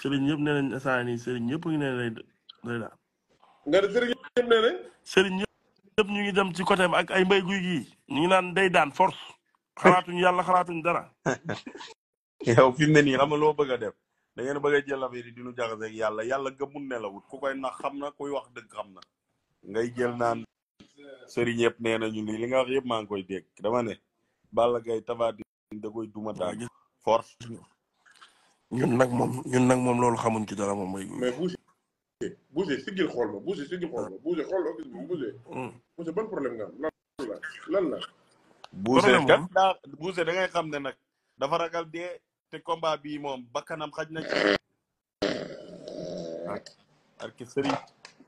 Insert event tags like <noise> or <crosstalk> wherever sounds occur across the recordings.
sëriñ yëpp nee nañ instant ñu sëriñ yëpp ngi nga ne sëriñ yëpp nee ñu ngi dem ci côté ak ay mbay guy gii ñu ngi naan day daan force xalaatuñ yàlla xalaatuñ dara. <laughs> yow fi mu ne nii xam loo bëgg a def da ngeen bëgg a jël affaire yi di nu jaxase ak yàlla yàlla gëmul ne ku koy nax xam na kuy wax dëgg xam na. ngay jël naan sëriñ yëpp nee nañu li li nga wax yëpp maa ngi koy dégg dama ne Balla Gaye Tapha Tine da koy duma daal force ñun nag moom ñun nag moom loolu xamuñ ci dara moom mooy. mais Boucher Boucher siggil xool ma Boucher siggil xool ma Boucher xool hmm. ban problème nga am lan la lan la. Boucher da ngay xam ne nag dafa ragal dee te combat bii moom bakkanam xaj na ci. ak ah. sëriñ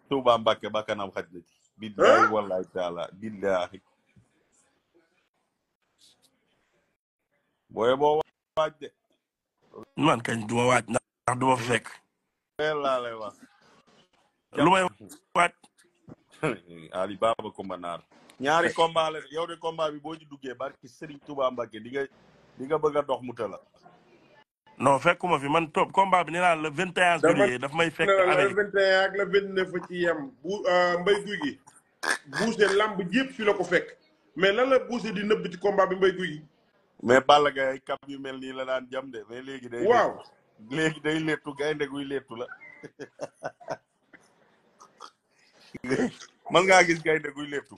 Touba Mbacke bakkanam xaj na ci. billahi ah. wallahi taala billahi. booy boo waaj man kañ du ma waaj ndax du ma fekk. laa lay wax. lu may waaj. <laughs> Ali Kumba Naar. ñaari combat la yow de combat bi boo ci duggee barki Serigne Touba Mbacke di nga nga bëgg a dox mu no non fekkuma fi man toog combat bi nee naa le vingt et un daf may fekk avec le vingt et un ak le vingt neuf ci yem bu euh, mbay guy gi. Boucher lamb yëpp fi la ko fekk mais lan la Boucher di nëbb ci combat mbay guy gi. mais Balla Gaye kam yu mel nii la daan jam de mais léegi day waaw léegi day léttu gaynde guy léttu la <laughs> man ngaa gis gaynde guy léttu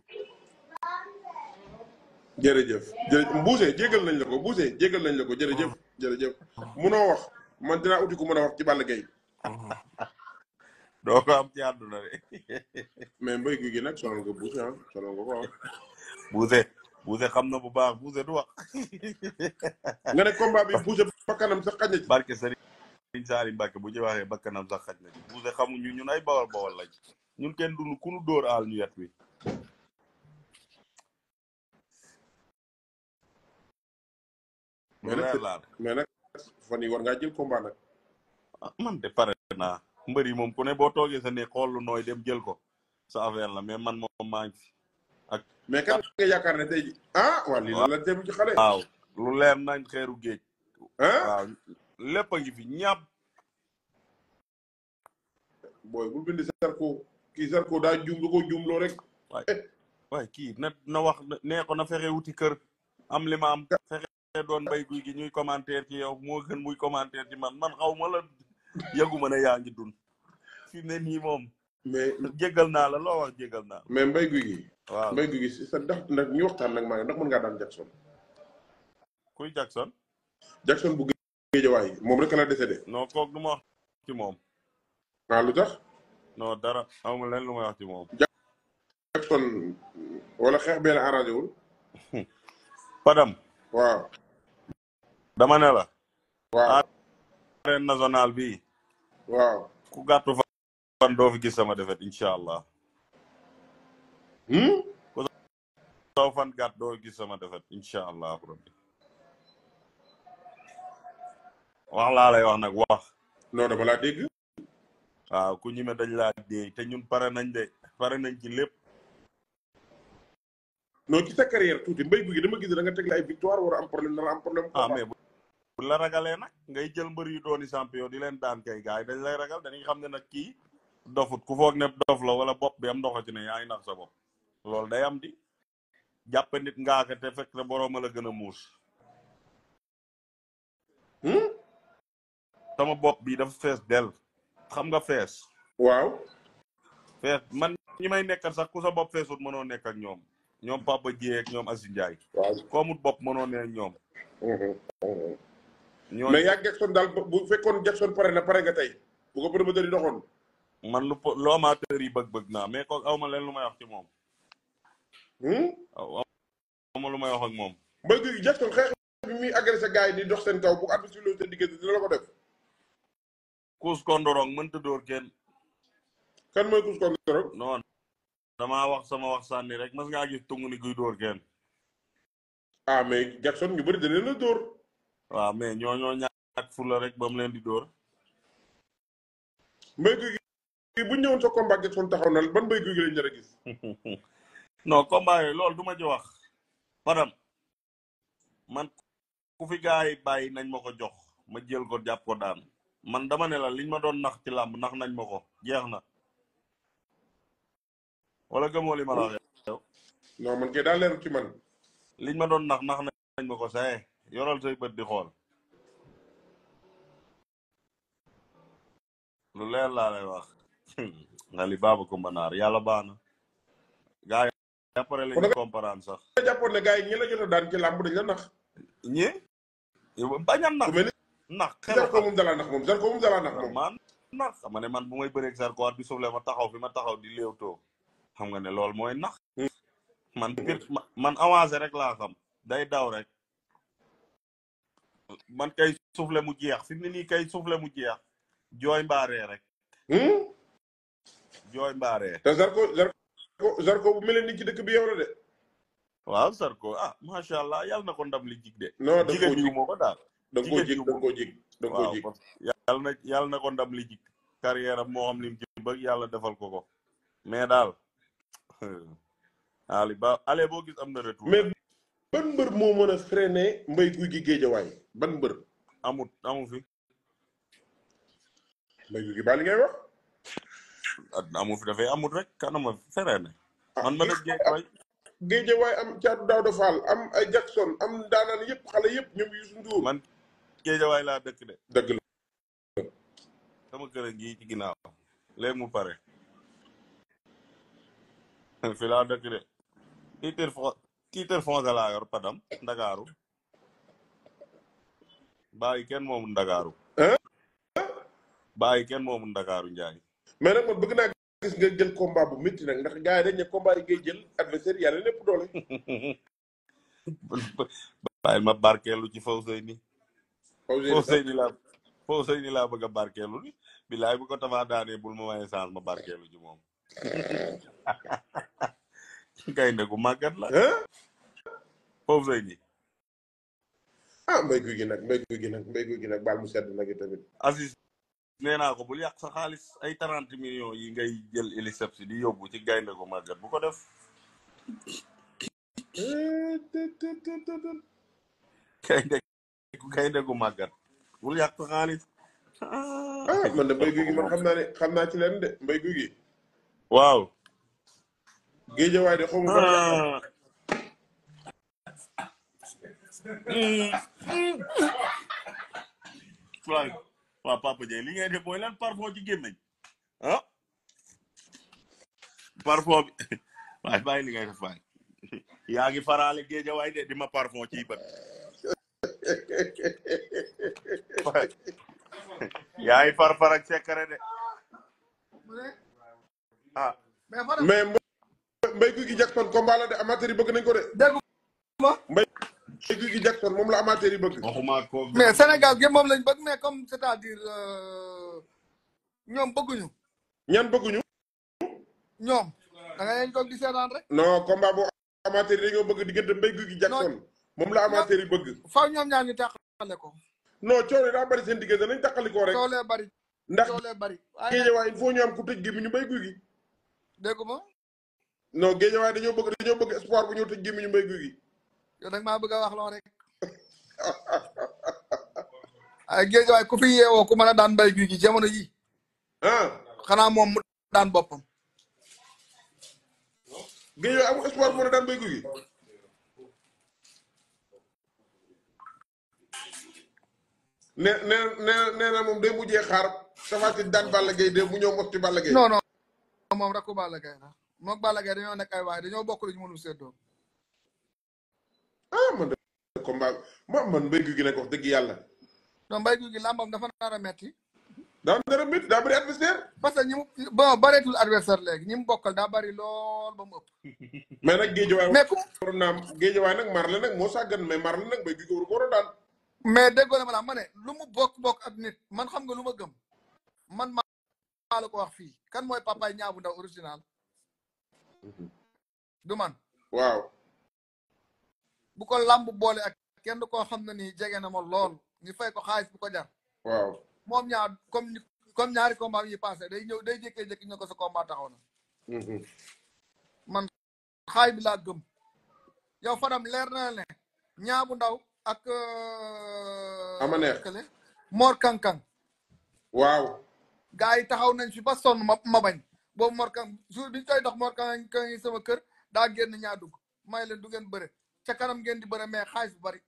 jërëjëf jërëjëf buuse nañ la ko buuse jégal nañ la ko jërëjëf jërëjëf munoo wax man dinaa uti ko mën a wax ci Balla Gaye doo ci àdduna de <laughs> mais mbéy guy gi nag sonal nga buuse ah sonal nga ko ah buuse Boucher xam na bu baax Boucher du wax. nga ne combat bi <laughs> Boucher bakkanam sax xaj na ci. barke Serigne Saali Mbacke bu ñu waxee bakkanam sax xaj na ci Boucher xamuñu ñun ay bawal bawal lañ ñun kenn duñu ku dóor aal ñu yat wi. mais nag fan yi war ngaa jël combat nag. Ah, man de pare naa mbër yi moom ku ne boo toogee sa ne xool nooy dem jël ko sa affaire la mais man moom maa ngi ak mais kan nga yaakaar ne tey ji ah waa lii la teem ci xale waaw lu leer nañ xeeru géej lépp a gi fi ñàpp booy bul bindi Zarko kii Zarko daa juum rek waay ki na na wax nee ko na fexe wuti kër am li ma am fexe doon mbay guy gi ñuy commentaire ci yow moo gën muy commentaire ci man man xaw ma la yëguma ne yaa ngi dund fi ne nii moom mais jégal naa la loo wax jégal naa la mais mbay guy gi waaw mbay gi gis sa nag ñu waxtaan nag maa ndax mën ngaa daan Jackson. kuy Jackson. Jackson bu géejawaay moom rek la décédé. non kooku du ma wax moom. ah lu tax. non dara amuma leen lu may moom. Jackson wala xeex bee la arrangé wul. <laughs> Padam. waaw. dama ne la. waaw arène nationale bi. waaw. ku gàttu fan doo fi gis sama defet incha allah. ko hmm? soo fan gàtt doo gis sama defet incha allah rabbi wax laa lay wax nag wax non dama laa dégg waaw ku ñime dañ laa déey te ñun pare nañ de pare nañ ci lépp non ci sa carrière tuuti mbéy gi dama gis da nga teg la ay victoire war am problème dara am problème ah mais bu la ragalee nag ngay jël mbër yu dooni champion di leen daan kay gars yi dañ lay ragal dañuy xam ne nag kii dofut ku foog ne dof la wala bopp bi am ndoxo ne yaa nax sa bopp lool day am di jàpp nit ngaaka te fekk na borooma la gën a muus hmm? sama bopp bii dafa fees del xam nga fees waaw fees man ñi may nekkal sax ku sa bopp feesut mënoo nekk ak ñoom ñoom Papa Dieng ak ñoom Aziz Ndiaye koomut mënoo ne ñoom hmm, hmm, ñoo mais yaa Jackson daal bu fekkoon Jackson pare na pare nga tey bu ko promoteur yi doxoon man lu loo amateur yi bëgg-bëgg naa mais ko awma leen lu may wax ci moom waaw hmm? oh, lu may wax moom. Mbaye Guèye Jackson xeex bi muy agressé gars yi di dox seen kaw bu at bi si loolu seen diggante dina la ko def. Kuus Kondorong mënta dóor kenn. kan mooy Kuus Kondorong. non damaa wax sama wax sànni rek mas ngaa gis tungu ni kuy dóor kenn. ah mais Jackson ñu bëri danañ la dóor. waaw mais ñooñoo ñàkk fula rek ba mu leen di dóor. Mbaye Guèye bu ñu ñëwoon sa combat Jackson taxaw na ban Mbaye Guèye lañ nar a gis. <laughs> non combat yooyu loolu du ci wax param man ku fi gaay yi bàyyi nañ ma jox ma jël ko japp ko daan man dama ne la liñ ma doon nax ci lamb nax nañ mako jeexna wala gamo li ma yow non man ke daa leeru ci man liñ ma doon nax nax nañ mako say yoral say beut di xol lu leer la lay wax <laughs> ngali babu ko manar yalla baax gaay jàppale lañu comparanza. jàppoon ne gars yi ñi la jot ya ya ya a daan ci làmb dañ la nax. ñi. yow nax. nax xel Zarko moom dalaa nax moom Zarko moom dalaa nax man nax xam nga ne man bu may bëreeg Zarko at bi soble ma taxaw fi ma taxaw di léewtoo xam nga ne loolu mooy nax. man pir man avancé rek laa xam day daw rek. man kay soufflé mu jeex fi mu ne nii kay soufflé mu jeex jooy mbaaree rek. jooy mbaaree. te Zarko Zarko Oh, Zarko bu mel ni ci dëkk bi yow la de. waaw Zarko ah macha allah yàlla na ko ndam li jig de. non da ko jig moko ko daal. da koo jig da ko jig da ko jig. yàlla na yàlla na ko ndam li jig. carrière am xam lim ci bëgg yalla defal ko ko. mais dal <laughs> Ali ba ale bo gis am na retour. mais ban mbër mo meuna freiner mbay guy gi way ban mbër. amut amu fi. mbay guy gi bal ngay wax. àdduna amu fi dafay amul rek kanama feree ne ah, man ma am caatu Daawda Fall am Jackson am daanaan yëpp xale yëpp ñoom Youssou Ndour man géejawaay laa dëkk de dëgg la sama ngi ci ginnaaw léegi mu pare <laughs> fi laa dëkk de titre fon titre foncé laa yor padam ndakaaru bàyyi kenn moomu ndakaaru bàyyi kenn moomu ndakaaru njaay mais nak man bëgg na gis nga jël combat bu metti nak ndax gaay dañ ne combat yi ngay jël adversaire yàlla lepp doole. <laughs> bay ma barkelu ci Fawzeyni. Fawzeyni laa Fawzeyni laa bëgg a barkeelu ni bilaay bu ko tafaa daane bul ma waaye saal ma barkelu ci moom. <laughs> gaynde gu magat la. Fawzeyni. ah mbéy gu gi nag mbéy gu gi nak mbay gu gi nag baal mu sedd nak tamit. Aziz nee naa ko bul yàq xaalis ay trente millions yi ngay jël Elisab si di yóbbu ci gaynde gu màggat bu ko def. gu màggat bul yàq sa xaalis. ah, ah man de mbay guy gi man xam naa ne xam naa ci leen de mbay guy gi. waaw. géej waay de xaw ma ko. waaw Papa Dieng li ngay def mooy lan parfum ci gémmiñ ah parfum bi <laughs> waaye bàyyi li ngay def waay <laughs> yaa ngi faraale géej waay de di ma parfum ci bët <laughs> yaa farfar ak sekare de ah mais mbay guy gi Jackson combat la de amateur yi bëgg nañ ko de dégg léegi gi Jackson moom la amateur yi bëgg. waxuma ko mais Sénégal gi moom lañ bëgg mais comme c'est-à-dire euh, ñoom bëgguñu. ñan bëgguñu. ñoom da nga leen toog di seetaan rek. non combat boo amateur yi dañoo bëgg diggante mbéy gi Jackson. moom la amateur yi bëgg. faaw ñoom ñaar ñu tàqale ko. non coono daa bari seen diggante nañ tàqali ko rek. coono bari ndax géejawaay il faut ñu am ku tëj gémmiñu mbéy guy gi. dégg ma. non géejawaay dañoo bëgg dañoo bëgg espoir bu ñëw tëj gémmiñu mbéy guy gi. yow nag maa bëgg a wax loo rek ay géej waay ku fi yeewoo ku mën a daan mbay guy gi jamono yi xanaa moom mu daan boppam géej waay amul espoir bu daan mbay guy gi ne ne ne na moom day mujjee xaar safaati daan Balla Gaye de mu ñëw mos ci Balla Gaye non non moom rakku Balla Gaye la moog Balla Gaye dañoo nekk waay dañoo bokk lu ñu mënul seddoo ah man de combat man man mbay gi ko wax deug yalla non mbay gui lambam dafa nar a metti. da nar a metti da bari adversaire. parce que ñim mu bon adversaire leg ñim bokal bokkal bari lol ba mu ëpp. <laughs> mais nag géejewaay. mais ku waroon naa géejewaay nag nak mo sa gën mais marle nag mbay gi waru ko war mais déggoo na ma la ne lu mu bok-bok ak nit man xam nga lu ma gëm man ma la ko wax fi kan moy papa ñaabu ndaw original. Mhm. du man waaw. bu ko làmb boole ak kenn du ko xam na ni jege na moo lool ñu fay ko xaalis bu ko jar. waaw moom ñaar comme comme ñaari combat yi passé day ñëw day jékkee-jékki ñu ko sa combat taxaw na. Mm-hmm. man xaay bi laa gëm. yow Fadam leer na ne ñaabu ndaw ak. Euh, ama neex Mor Kankang. waaw. gaa yi taxaw nañ fi ba sonn ma bañ. boobu Mor Kankang jour bi koy dox Mor Kankang yi sama kër daa génn ñaa dugg may leen du ngeen bëre. ca kanam ngeen di bëre mais xaalis bu bëri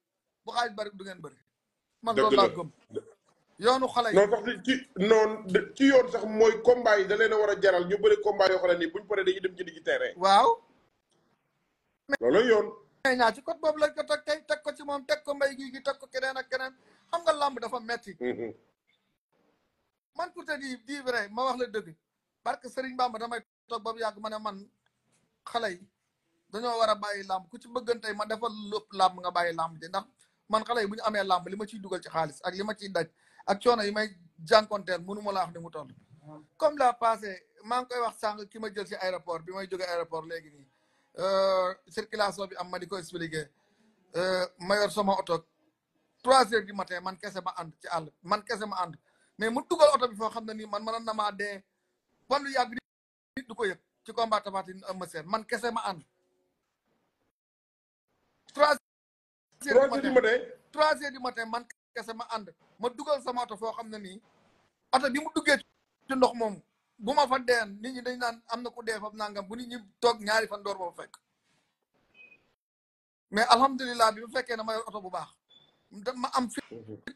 bu xaalis bëri du ngeen bëri. man loolu laa gëm. yoonu xale yi non sax ci non ci yoon sax mooy combat yi da leen a war a jaral ñu bëri combat yoo xam ne nii buñ paree dañuy dem ci digg terrain. waaw. loolu yoon. mais ñaa ci côté boobu lañ ko teg tey teg ko ci moom teg ko mbay gi gi teg ko keneen ak keneen xam nga làmb dafa metti mhm. man pour te dire di vrai ma wax la dëgg parce que Serigne Bamba damay toog ba mu yàgg ma ne man xale yi. dañoo war a bàyyi làmb ku ci bëggantey ma defal lépp làmb nga bàyyi làmb ji ndax man xale yi bu ñu amee làmb li ma ciy dugal ci xaalis ak li ma ciy daj a coono yi may jànkonteel mënu ma la wax ni mu toll comme la passé maa ngi koy wax sànq ki ma jël ci aéroport bi may jóge aéroport léegi nii euh, circulation bi am ma di ko expliqué euh, ma yor sama oto trois heures du matin man kese ma ànd ci àll man kese ma ànd mais mu dugal oto bi foo xam ne nii man ma na maa de ban lu yàgg nit du ko yëg ci combat Tapha Tine Eumeu Sène man kese ma ànd trois heures du matin trois heures du matin man kese ma ànd ma dugal sama oto foo xam ne nii oto bi mu duggee ci ndox moomu bu ma fa deen nit ñi dañ naan am na ku dee foofu nangam bu nit ñi toog ñaari fan door ba fa fekk mais alhamdulilah bi bu fekkee na ma yor bu baax ma am fi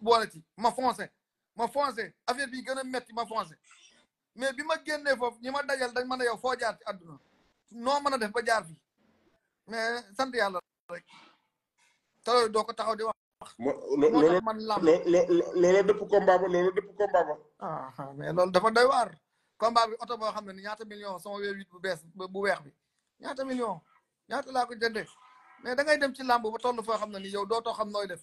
boole ci ma foncé ma foncé affaire bi gën a metti ma foncé mais bi ma génnee foofu ñi ma dajal dañ mën a yow foo jaar ci àdduna noo mën a def ba jaar fii mais sant yàlla rek te doo ko taxaw di wax. lolo man lam combat ba combat ba. ah mais loolu dafa doy waar. combat bi ñaata million sama wéer huit bu bu bi ñaata million ñaata laa ko jëndee mais da ngay dem ci làmb ba toll foo xam ne yow dootoo xam nooy def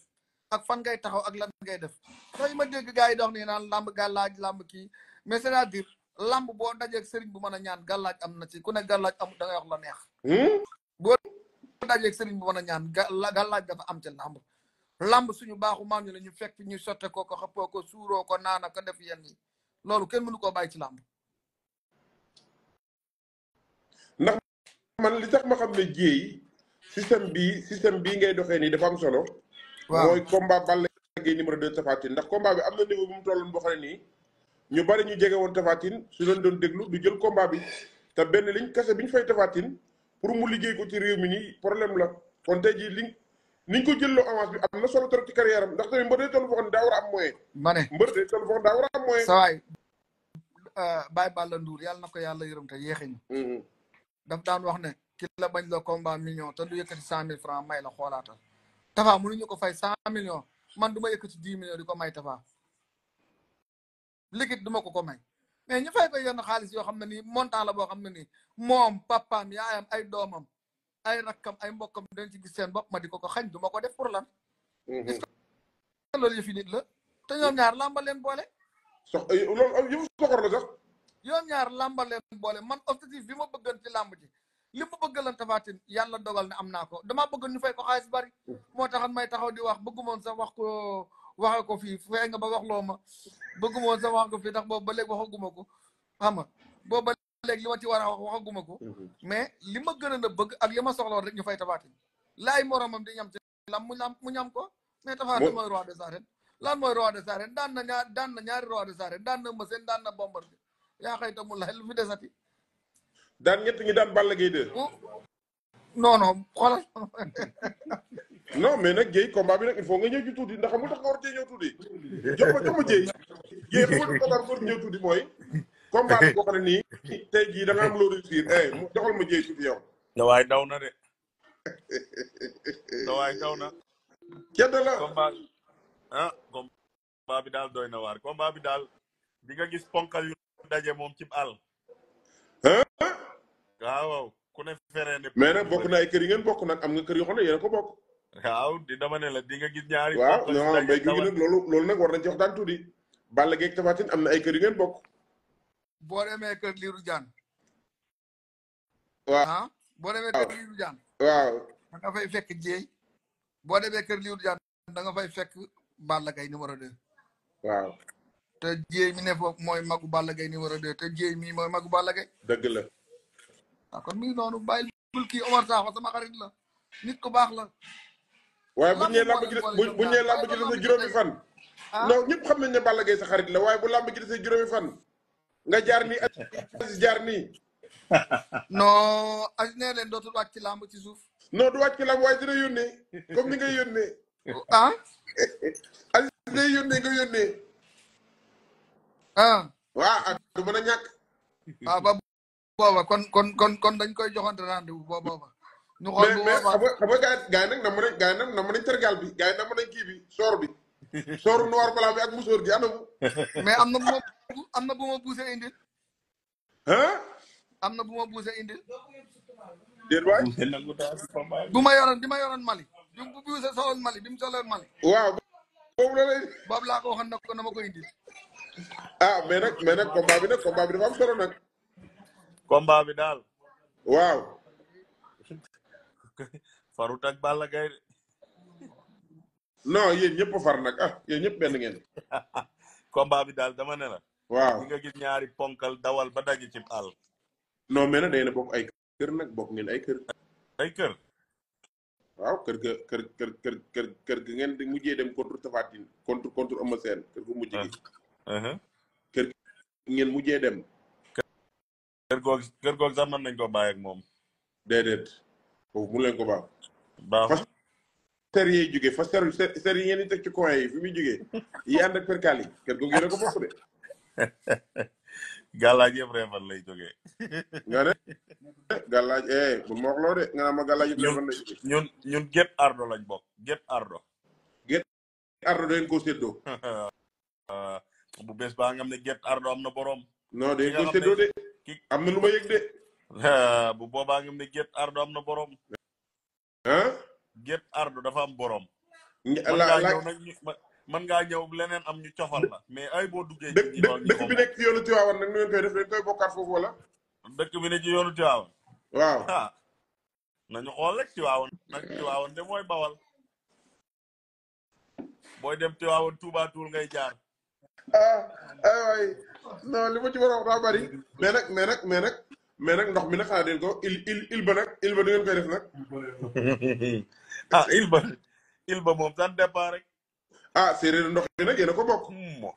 ak fan ngay taxaw ak lan ngay def sooy ma dégg gars dox nii naan làmb gàllaaj làmb kii mais c'est-à-dire sëriñ bu ñaan ci ku ne da ngay wax la neex dajeeg sëriñ bi mën a ñaan gàllaaj dafa am ca làmb làmb suñu baaxu maam ñu la fekk ñu sotte ko ko xëppoo ko suuroo ko naana ko def yenn yi loolu kenn mënu koo bàyyi ci làmb ndax man li tax ma xam ne jéey système bii système bii ngay doxee nii dafa am solo mooy combat Balla Gaye numéro deux ndax combat bi am na niveau mu tolloon boo xam ne nii ñu bari ñu jege woon su doon déglu du jël combat bi te benn liñ biñ fay pour mu liggéey ko ci réew mi nii problème la kon tey jii li ni ko jëlloo avance bi am na solo trop ci carrière am ndax tamit mbër day toll foo xam ne daa a am moyen. ma ne mbër a am moyen. saa waay euh, yàlla na ko yàlla yërëm te yéexiñu. Mm-hmm. daf daan wax ne ki la bañ la combat million te du yëkkati cent mille franc may la xoolaatal. Tafa mënuñu ko fay cent million man du ma yëkkati dix million di ko may Tafa. liggéey du ma ko ko may. mais ñu fay ko yenn xaalis yo xamni ne montant la bo xamni ne nii moom papaam yaayam ay domam ay rakam ay mbokam dañ ci gis sen bop ma diko ko xagn duma ko def pour lan. Mhm. est-ce que loolu nit la te ñom ñaar làmba leen boole. sox eh, loolu eh, yëfu soxor la sax. ñom ñaar lamba len bolé man objectif bima bëggal ci lamb ji. li ma lan tafaatin yalla dogal ne amna ko dama bëgg ñu fay ko xaalis bari mm. moo taxoon may taxaw di wax bëgguma sax wax ko waxal ko fii fexe nga ba wax loma ma bëgguma woon sax wax ko fii ndax boobu ba léegi waxaguma ko xam nga boobu ba léegi li ma ci war wax waxaguma ko mais mhm. lima ma na a bëgg ak li ma rek ñu fay tabati lay moromam di ñam ci lam mu ñam mu ñam ko mais tafatin moy roi de arènes lan moy roi de arènes dan na ñaar dan na ñaar roi de arènes dan na mëseen dan na bomber ya xey ta mu lay lu fi desati dan ñet ñu dan Balla de non non xolal <laughs> non mais nag Dieye combat bi nag il faut nga ñëw ci tuuti ndax mu cee ñëw tuuti jox ma jox ma Dieye Dieye bu ma combat war ñëw tuuti mooy combat bi boo xam ne nii jii da nga am loo réussir eh mu joxal ma Dieye tuuti yow dawaay daw na de dawaay daw na cedd la combat ah combat bi daal doy na waar combat bi daal di nga gis ponkal yu daje moom ci àll waaw ku ne feree ne mais nag bokk na ay kër ngeen bokk nag am nga kër yoo xam ne ko bokk waaw di dama ne la di nga gis ñaari. waaw non mbay gi nag loolu loolu nag war nañ ci waxtaan tuuti. Balla Gaye ak Tapha am na ay kër yu bok boo demee kër Lirou Diane. boo demee kër Lirou Diane. waaw ah, da nga fekk Dieye. boo demee kër Lirou Diane da nga fay fekk Balla Gaye numéro 2. waaw. te Dieye mi ne foofu mooy magu Balla Gaye numéro 2 te Dieye mi mooy magu Balla Gaye. dëgg la. ah kon mi ngi noonu bàyyi bul kii Omar Sakho ku baax la. waaye bu ñee làmb bu ñee làmb ji dese juróomi fan ah? non ñëpp xam nañ ne Balla Gaye sa la waaye bu làmb ji juróomi fan nga jaar nii Aziz jaar nii <laughs> non Aziz nee leen dootul wàcc ci làmb ci suuf non du wàcc ci làmb waaye dina yónnee comme ni ngay yónnee <laughs> ah <laughs> nga yónnee ah waaw ah du mën a ñàkk ah, ba booba kon kon kon kon dañ koy joxante rendez-vous boo booba ñu xool bu mais mais xam nga gaa nag nam nañ gaa yi nag nam nañ tergal bi gaa yi nam bi soor bi <laughs> sooru noir blanc bi ak musóor gi anamu. <laughs> mais am na bu ma am na bu ma buuse indil. ah. am na bu ma buuse indil. déet waay. <laughs> bu ma yoroon bi ma yoroon Mali. bi mu buuse soxla Mali bi mu Mali. waaw. boobu laa ko waxoon nag na ma ko indil. ah mais nag mais nag combat bi nag combat bi dafa am daal. waaw. farut ak Balla Gaye de. non yéen ñëpp a far nag ah yéen ñëpp benn ngeen. <laughs> combat bi daal dama ne la. waaw li nga gis ñaari ponkal dawal ba daje ci àll. non mais nag day na bokk ay kër nag bokk ngeen ay kër. ay kër. waaw kër ga kër kër kër kër kër ga ngeen di mujjee dem contre Tapha Tine contre contre Eumeu Sène kër gu mujj gi. Ah, uh-huh. kër ngeen mujjee dem. kër googu kër googu sax mën nañ koo bàyyi ak moom. déedéet. foofu mun leen ko baax. baax fas ser yee jugee fas ser yi ngeen di teg ci coin yi fi muy jugee yi ànd ak yi kër googu yéen a ko de. <laughs> gàllaaj yëpp reefan lay jógee. <laughs> nga ne gàllaaj eh bu ma waxloo de nga naa ma gàllaaj yëpp lay jógee. ñun ñun Gét Ardo lañ bokk Gét Ardo. Gét Ardo da ngeen koo <laughs> ah, bu bees ba nga ne Gét Ardo am na borom. non da ngeen koo de. am na lu ma de. bu boba ngi ne get ardo amna borom hein get ardo dafa am borom man nga ñew leneen am ñu cofal la mais ay bo duggé ci dëkk bi nek ci yoonu Tiwaawan nag nu ngeen koy def dañ koy bokkat fofu wala dëkk bi ne ci yoonu Tiwaawan waaw nañu xol rek nak nag Tiwaawan de moy bawal boy dem Tiwaawan touba tour ngay jaar ah ay waay non li ma ci borom ra bari mais nak mais nak mais nak mais nag ndox mi na xanaa deen ko il il il ba nag il ba du <laughs> ah, moom sax départ rek. ah séeréer ndox mi nag bokk. moom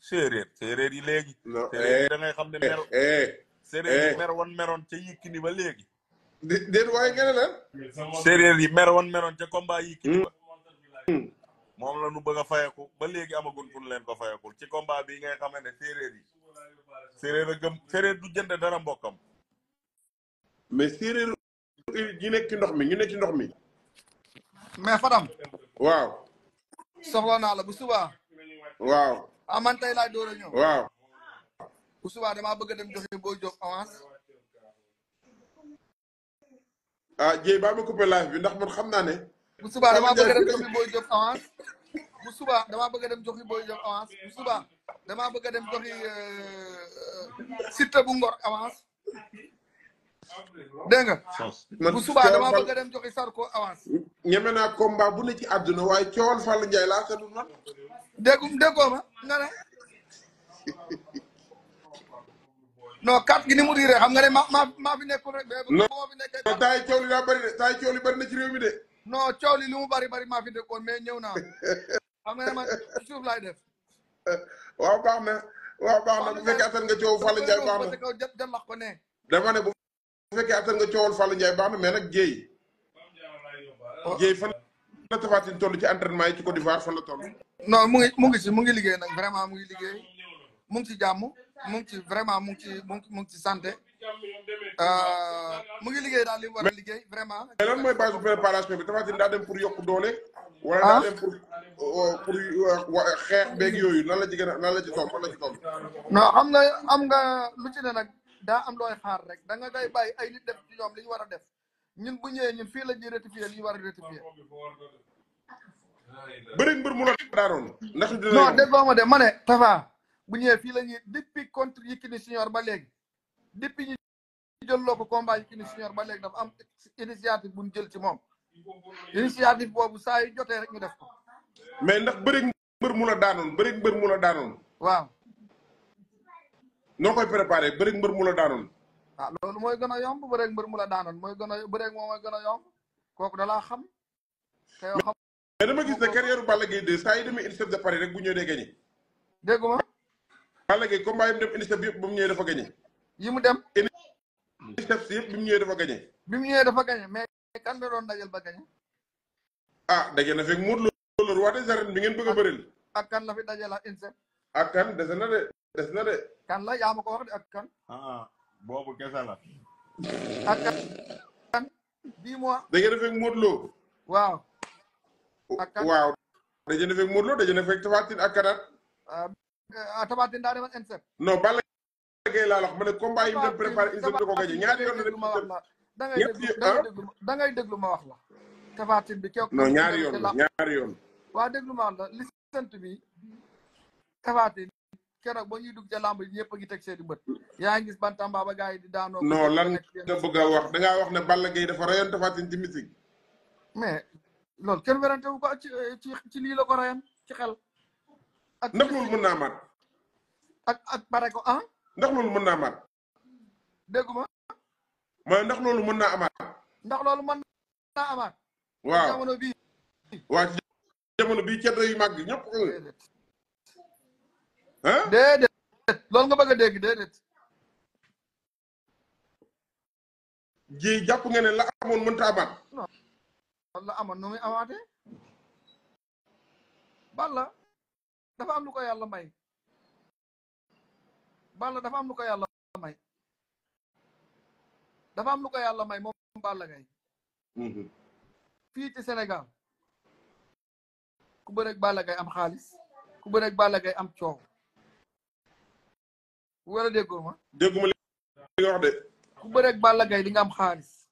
séeréer yi léegi. non eh, xam ne eh, mer. Eh, yi mer woon meroon ca Yékini ba léegi. dé waaye ngeen la. séeréer yi mer woon meroon ca combat Yékini ba. Hmm. Hmm. moom la nu bëgg a fayeku ba léegi amagun fu nu leen ko fayekul ci combat bi ngay xam ne séeréer yi. séeréer a gëm séeréer du jënd dara mbokkam mais séeréer ñu nekk ci ndox mi ñu nekk ci ndox mi mais Fadam waaw soxla naa la bu subaa waaw ah man tey laay door a ñëw waaw bu subaa damaa bëgg a dem joxe boo jóg avance ah jéy baa ma coupé live bi ndax man xam naa ne bu subaa damaa dem joxe boo jóg avance bu subaa damaa bëgg a dem joxi Boy Diop avance bu subaa damaa bëgg dem joxi euh, euh, Siteu bu Ngor avance dégg nga. bu subaa damaa bëgg a dem joxi Sarko avance. ñeme naa combat bu ne ci àdduna waaye coowal Fallou Ndiaye laa seetlu na. déggum déggoo ma nga ne. non carte gi ni mu riiree xam nga ne ma ma maa fi nekkul rek. non non taay coow li daa na ci réew mi bari bari maa fi nekkoon mais ñëw naa <laughs> xam nga man suuf laay def. waaw baax na waaw baax na bu fekkee attan nga coow Fallou Ndiaye baax na ko ne. dama ne bu fekkee attan nga coowal Fallou Ndiaye baax na mais nag Guèye. Oh. Guèye fan ci entraînement yi ci Côte d'Ivoire fan la toll. non mu ngi mu ngi si mu ngi liggéey nag vraiment mu ngi liggéey mu ngi ci jàmm mu ngi ci vraiment mu ngi ci mu ngi santé euh, mu ngi liggéey daal li mu war a liggéey vraiment. mais lan mooy base bu préparation bi Tapha Tine daa dem pour yokk doole wala ah? daa dem pour oh, pour xeex beeg yooyu nan la ci gën a nan la ci toll nan la ci toll. non xam nga am nga lu ci ne nag daa am looy xaar rek da nga koy bàyyi ay nit def ci ñoom li ñu war a def ñun bu ñëwee ñun fii la ñuy rectifier li ñu war a rectifier. bëri mbër mu la daanoon ndax non déggoo ma de mane ne Tafa bu ñëwee fii la ñuy depuis contre Yékini Senior ba léegi depuis ñu jëlloo ko combat Yékini Senior ba léegi dafa am initiative bu ñu jël ci moom. initiative bobu sa yu joté rek ñu def ko. mais ndax bëreeg mbër mu la daanoon bëreeg mbër mu la daanoon. waaw. nokoy préparer préparé bëreeg mbër mu la daanoon. ah lolu moy gëna yomb bëreeg mbër mu la daanoon mooy gën a bëreeg moom mooy yomb koku da la xam. tay yoo xam mais dama gis né carrière Balla Gaye 2 saa yi demee INSEP de Paris rek bu ñëw dé gagné. dégg ma. Balla Gaye combat yi dem initiative yëpp ba mu dafa gagné. yi mu dem. initiative si yëpp bi mu ñëwee dafa gagné. bi mu ñëwee dafa gagné mais kan la doon dajal ah daje na fekk Modou Lo le roi bi ngeen bëgg a ak kan la fi INSEP ak kan des na de na kan la ko wax ak kan ah boobu kese la ak kan bii mois daje na fekk Modou waaw ak kan waaw daje na fekk Modou Lo na ak ah Tapha Tine daa INSEP non Balla Gaye laa wax ma combat yi mu INSEP ko yoon da ngay déglu da ah? ma wax la. Tapha bi keeku. non ñaari yoon la ñaari yoon. waa déglu ma wax la li sant bi Tapha Tine keroog ba ñuy dugg ca làmb yi ñëpp gi teg seen bët. yaa ngi gis bantamba ba gars yi di daanoo. non lan nga bëgg wax da ngaa wax ne Balla Gaye dafa rayoon Tapha Tine ci mystique. mais loolu kenn werante wu ko ci ci ci lii la ko rayoon ci xel. ak ndax loolu mën naa maat. ak ak ko ah. ndax loolu mën na maat. déggu mooy ndax loolu mën na amaat. ndax loolu mën naa amaat. waaw jamono bii. waa ci mag bii ceddo yu màgg ñëpp. ah déedéet. loolu nga bëgg a dégg déedéet. ji jàpp nga ne la amoon mënta amaat. non la amoon nu muy amaatee. Balla dafa am lu ko yàlla may. Balla dafa am lu ko yàlla may. dafa am lu ko yàlla may moom Balla Gaye mm-hmm. fii ci Sénégal ku bëreeg Balla Gaye am xaalis ku bëreeg Balla Gaye am coow wala déggoo ma dégguma ku bëreeg Balla Gaye di nga am xaalis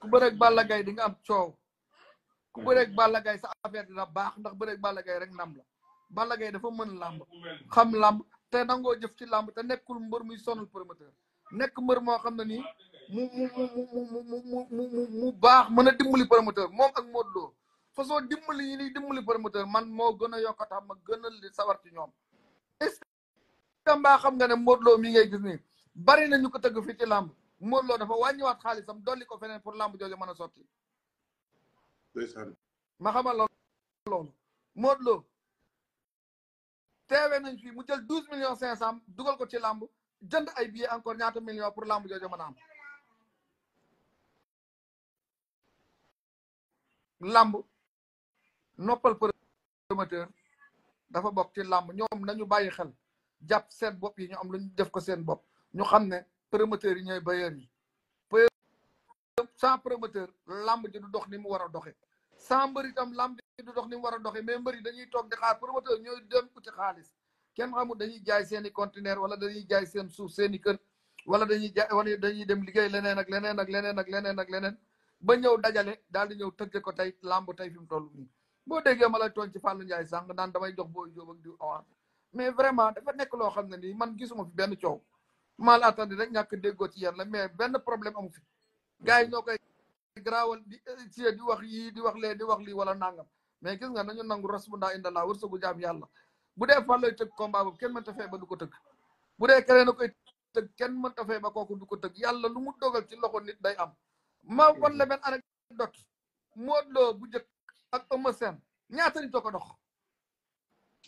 ku bëreeg Balla Gaye di nga am coow ku bëreeg Balla Gaye sa affaire dina baax ndax bëreeg Balla rek nam la Balla dafa mën làmb xam làmb te nangoo jëf ci làmb te nekkul mbër muy sonal promoteur nekk mbër moo xam ne nii mu mu mu mu mu mu baax mën a dimbali promoteur moom ak Modou Lo façon dimbali yi ñuy dimbali promoteur man moo gën a yokk tax ma gën a li sawar ci ñoom est-ce que mbaa xam nga ne Modou Lo mi ngay gis nii bari na ñu ko tëgg fii ci làmb Modou Lo dafa wàññiwaat xaalisam dolli ko feneen pour làmb jooju mën a sotti ma xamal la loolu Modou Lo teewee nañ fii mu jël douze millions cinq cent dugal ko ci làmb jënd ay billets encore ñaata millions pour làmb jooju mën a am làmb noppal promoteur dafa bokk ci làmb ñoom nañu bàyyi xel jàpp seen bopp yi ñu am lu ñu def ko seen bopp ñu xam ne promoteurs yi ñooy bailleurs yi sans promoteur làmb ji du dox ni mu war a doxe sans mbër tam lamb ji du dox ni mu war a doxe mais mbër yi dañuy toog di xaar promoteur ñooy dem uti xaalis kenn xamul dañuy jaay seen i conteneur wala dañuy jaay seen suuf seen kën wala dañuy jaay wala dañuy dem liggéey leneen ak leneen ak leneen ak leneen ak leneen ba ñëw dajale daal di ñëw tëgge ko tey làmb tey fi mu toll nii boo déggee ma lay tooñ ci Fallou Ndiaye sànq naan damay jox booy jóob ak diw avance mais vraiment dafa nekk loo xam ne ni man gisuma fi benn coow mal attendu rek ñàkk déggoo ci yéen la mais benn problème am fi gars yi ñoo koy garaawal di sie eh, di wax yii di wax lee di wax lii wala nangam mais gis nga nañu nangu ras inda ndaa war wërsëgu jaam yàlla bu dee Fallou tëgg combat boobu kenn mënta fee ba ko tëgg bu dee keneen a koy tëgg kenn mënta fee ba kooku du ko tëgg yàlla lu mu dogal ci loxo nit day am ma wan la benn anecdote Modou Lo bu njëkk ak Eumeu Sène ñaata dox.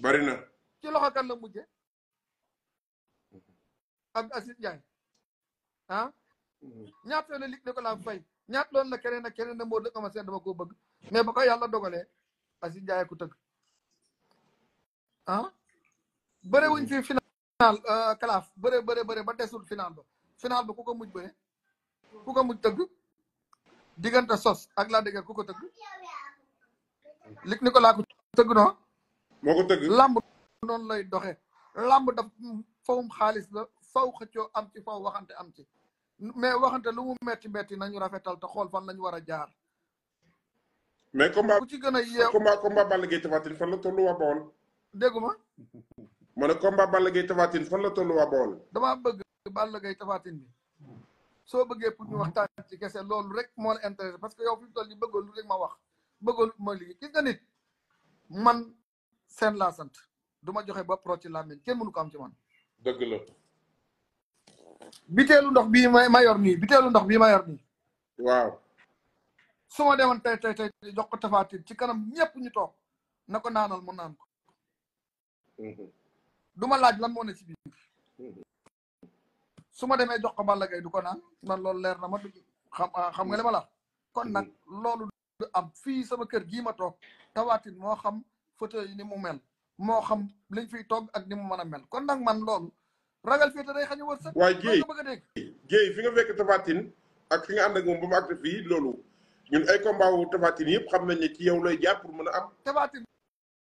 bari na. loxo kan la mujje Abdou Aziz Ndiaye ah. ñaata la lig ne ko laa loon na keneen ak keneen na Modou Lo ak Eumeu dama koo bëgg mais ba ko yàlla dogalee Aziz Ndiaye ku tëgg ah. bëre wuñ fi final euh, kalaaf bëre bëre bëre ba desul final ba final ba ku ko mujj bëre ku ko mujj tëgg. diggante sos ak laa dégg ku ko tëgg. lig ni ko tëgg noo. moo ko tëgg làmb noonu lay doxe làmb daf fawum xaalis la faw xëccoo am ci faw waxante am ci mais waxante lu mu metti metti nañu rafetal te xool fan lañu war a jaar. mais combat ku ci gën a yeew combat combat Balla Gaye Tapha Tine fan la tollu waa Bawol. déggu ma. ma ne combat Balla Gaye Tapha Tine fan la tollu waa Bawol. damaa bëgg Balla Gaye Tapha Tine bi. so beugé pour ñu waxtaan ci kessé loolu rek mo intérêt parce que yow fi tolli bëggol lu rek ma wax bëggol ma li ci nga man sen la sante duma ma joxe ba pro ci làmmiñ kenn mënu ko am ci man. dëgg la. bitélu ndox bi ma yor ni bitélu ndox bi ma yor ni waaw. suma ma tay tay tay jox ko tafatir ci kanam ñepp ñu tok nako nanal mu nan ko. Mhm. duma laaj lan mo ne ci bi su ma demee jox ko Balla Gaye du ko naan man loolu leer na ma du xam ah, xam nga li ma la kon nag mm-hmm. loolu du am fii sama kër gii ma toog tawaatin moo xam fauteuil yi ni mu mel moo xam liñ fiy toog ak ni mu mën a mel kon nag man loolu ragal fii te day xañu wërsëg waaye Dieye bëgg a dégg Dieye fi nga fekk tawaatin ak fi nga ànd ak moom ba mu acte fii loolu ñun ay combat wu tawaatin yëpp xam nañ ne ci yow lay jàpp pour mën a am tawaatin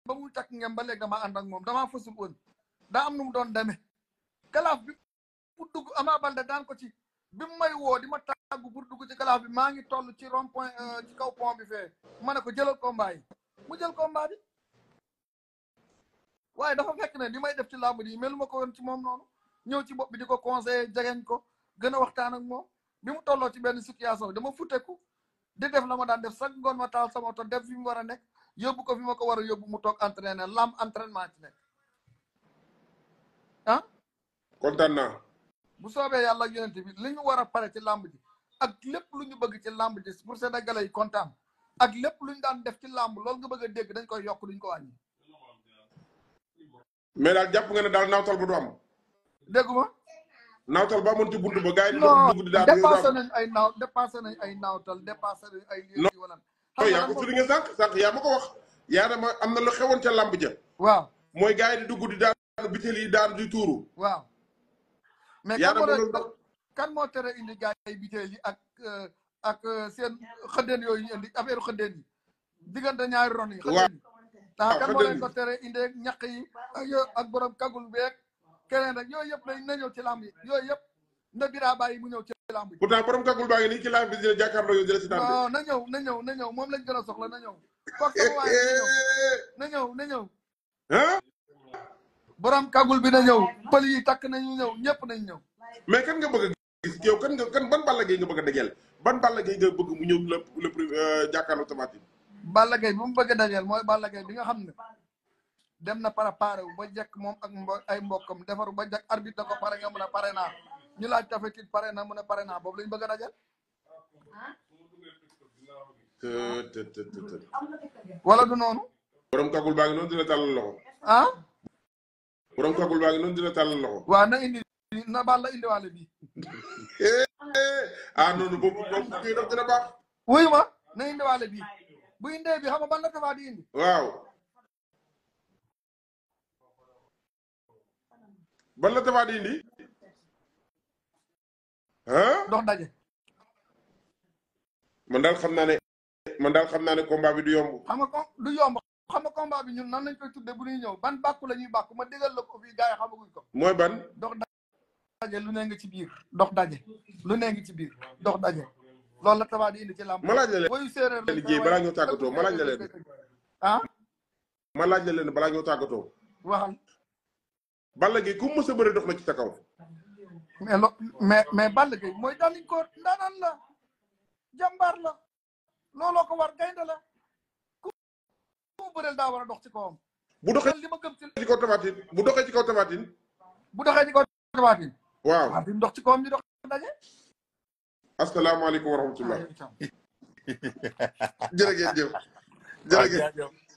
ba muy takk ngem ba léegi damaa ànd ak moom damaa fësul woon daa am nu mu doon demee galaaf pour dugg amaa Baldé daan ko ci bi mu may woo di ma tàggu pour dugg ci galaaf bi maa ngi toll ci rond point euh, ci kaw pont bi fee ma ne ko jëlal combat mu jël ko bi waaye dafa fekk ne di may def ci làmb yi melu ma ko woon ci moom noonu ñëw ci bopp bi di ko conseiller jegeñ ko gën a waxtaan ak moom bi mu tolloo ci benn situation dama futteku di def la ma daan def sax ngoon ma taal sama oto def fi mu war a nekk yóbbu ko fi ma ko war a yóbbu mu toog entraîner làmb entraînement ci nekk ah? bu soobee yàlla ak yonent bi li ñu war a pare ci làmb ji ak lépp lu ñu bëgg ci làmb ji pour sénégalais yi kontaan ak lépp lu ñu daan def ci làmb loolu nga bëgg a dégg dañ koy yokk duñ ko wàññi. mais daal jàpp nga ne daal nawtal ba du am. déggu ma. nawtal ba amoon ci buntu ba gars yi. dugg di daal dépassé nañ ay naaw dépassé nañ ay nawtal dépassé nañ ay. non non yaa ko souligné sànq sànq yaa ma ko wax. yaa dama am na lu xewoon ca làmb ja. waaw mooy gars yi di dugg di daal bitel yi daal di tuuru. waaw. mais kan moo tere indi gars yi biteel yi ak euh, ak euh, seen xëddeen yooyu ñu indi affaire xëddeen yi diggante ñaari ron yi. waaw xëddeen ah, kan moo leen ko tere indi ñaq yi ak yo ak borom kagul beeg keneen rek yooyu yëpp na ñëw ci làmb yi yooyu yëpp na bàyyi mu ñëw ci làmb yi. pourtant borom kagul baa ngi nii ci làmb bi dina jàkkaarloo yow dina na ñëw na ñëw na ñëw moom lañ gën a soxla na ñëw. kooku sama na ñëw na ñëw. borom kagul bi na ñëw pël yi takk nañu ñew ñëpp nañ ñew mais kan nga bëgg gis yow kan nga kan ban Balla gay nga bëgg dajel ban Balla gay nga bëgg mu ñew le le jàkkaarloo automatique Balla gay bu mu bëgg dajel moy Balla gay bi nga xamne dem na para para ba jek mom ak ay mbokam defaru ba jek arbitre ko para nga mëna paré na ñu laaj tafé ci paré na mëna paré na bobu boobu bëgg dajel wala du nonu borom kagul baa ngi noonu dina tàllal loxo ah borom toogul baa ngi noonu dina tàllal loxo. waaw na indi na baal la indiwaale bi. ah noonu boobu boobu kii daf dina baax. wuyu ma na indiwaale bi bu indee bi xam nga la Tapha di indi. waaw. ban la Tapha di indi. ah. dox daje. man daal xam naa ne man daal xam naa ne combat du yomb. xam nga du yomb xam nga combat bi ñun nan lañ koy tuddee bu ñuy ñëw ban bàkku la ñuy bàkku ma déggal la ko fii gars yi xamaguñ ko. mooy ban dox daje lu ne nga ci biir dox daje lu ne ci biir dox daje loolu la tabaat di indi ci làmb. ma laaj la leen wayu séeréer la liggéey balaa ñoo tàggatoo ma laaj la leen ah? ma laaj la leen balaa ñoo tàggatoo. waxal. Balla Gaye ku mu mës a bëri dox na ci sa kaw. mais lo mais mais Balla Gaye mooy daal ko ndaanaan la jàmbaar la looloo ko war gaynde la. mu bëreel daa war a dox ci kawam. bu doxee li ma gëm ci kaw Taphatine bu doxee ci kaw Taphatine. bu doxee ci kaw Taphatine. waaw waaw ah, bi mu dox ci kawam ñu dox daje. asalaamaaleykum wa rahmatulah. <laughs> jërëjëf jërëjëf. Ah,